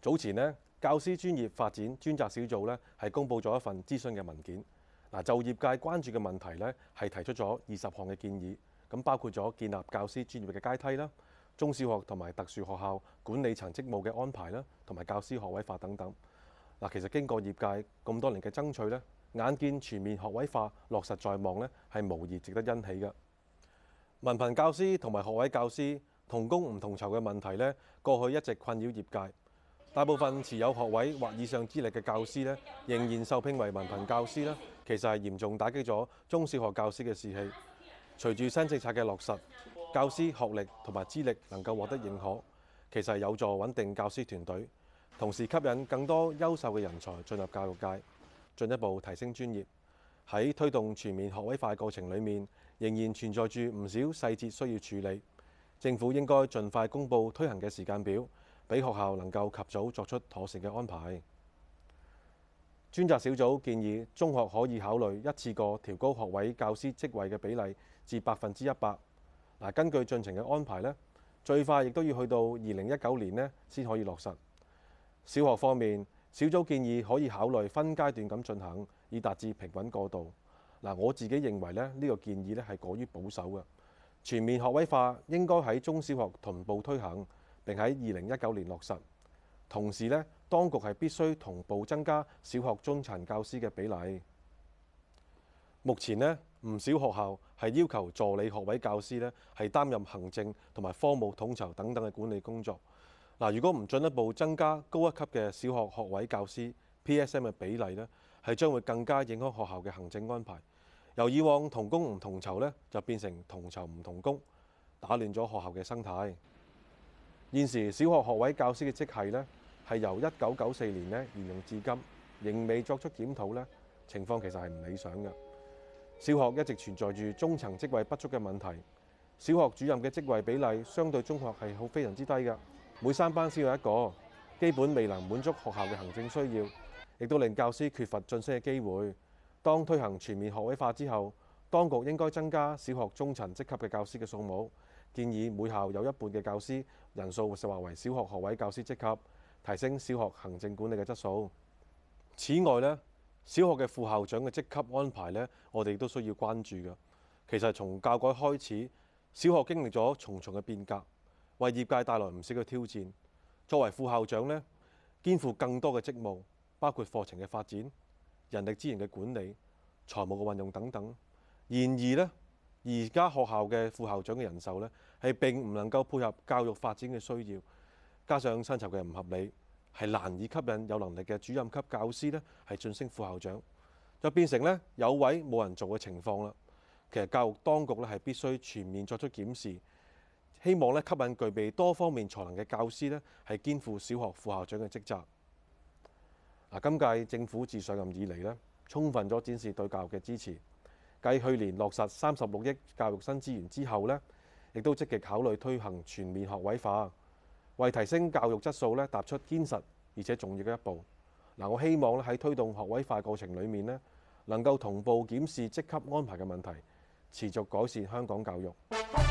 早前呢教師專業發展專責小組呢係公布咗一份諮詢嘅文件。嗱，就業界關注嘅問題呢，係提出咗二十項嘅建議，咁包括咗建立教師專業嘅階梯啦、中小學同埋特殊學校管理層職務嘅安排啦，同埋教師學位化等等。嗱，其實經過業界咁多年嘅爭取呢，眼見全面學位化落實在望咧，係無疑值得欣喜嘅。文憑教師同埋學位教師同工唔同酬嘅問題咧，過去一直困擾業界。大部分持有學位或以上資歷嘅教師咧，仍然受聘為文憑教師啦，其實係嚴重打擊咗中小學教師嘅士氣。隨住新政策嘅落實，教師學歷同埋資歷能夠獲得認可，其實係有助穩定教師團隊，同時吸引更多優秀嘅人才進入教育界。進一步提升專業，喺推動全面學位化過程裡面，仍然存在住唔少細節需要處理。政府應該盡快公布推行嘅時間表，俾學校能夠及早作出妥善嘅安排。專責小組建議中學可以考慮一次過調高學位教師職位嘅比例至百分之一百。嗱，根據進程嘅安排呢，最快亦都要去到二零一九年咧先可以落實。小學方面。小組建議可以考慮分階段咁進行，以達至平穩過渡。嗱，我自己認為咧，呢個建議咧係過於保守嘅。全面學位化應該喺中小學同步推行，並喺二零一九年落實。同時咧，當局係必須同步增加小學中層教師嘅比例。目前咧，唔少學校係要求助理學位教師咧係擔任行政同埋科目統籌等等嘅管理工作。嗱，如果唔進一步增加高一級嘅小學學位教師 PSM 嘅比例咧，係將會更加影響學校嘅行政安排。由以往同工唔同酬咧，就變成同酬唔同工，打亂咗學校嘅生態。現時小學學位教師嘅職系咧係由一九九四年咧沿用至今，仍未作出檢討咧，情況其實係唔理想嘅。小學一直存在住中層職位不足嘅問題，小學主任嘅職位比例相對中學係好非常之低㗎。每三班先有一個，基本未能滿足學校嘅行政需要，亦都令教師缺乏晉升嘅機會。當推行全面學位化之後，當局應該增加小學中層職級嘅教師嘅數目。建議每校有一半嘅教師人數實話為小學學位教師職級，提升小學行政管理嘅質素。此外呢，小學嘅副校長嘅職級安排呢，我哋都需要關注嘅。其實從教改開始，小學經歷咗重重嘅變革。為業界帶來唔少嘅挑戰。作為副校長呢，肩負更多嘅職務，包括課程嘅發展、人力資源嘅管理、財務嘅運用等等。然而呢，而家學校嘅副校長嘅人手呢，係並唔能夠配合教育發展嘅需要，加上薪酬嘅唔合理，係難以吸引有能力嘅主任級教師呢係晉升副校長，就變成呢有位冇人做嘅情況啦。其實教育當局咧係必須全面作出檢視。希望咧吸引具備多方面才能嘅教師咧，係肩負小學副校長嘅職責。嗱，今屆政府自上任以嚟咧，充分咗展示對教育嘅支持。繼去年落實三十六億教育新資源之後咧，亦都積極考慮推行全面學位化，為提升教育質素咧，踏出堅實而且重要嘅一步。嗱，我希望咧喺推動學位化過程裡面咧，能夠同步檢視職級安排嘅問題，持續改善香港教育。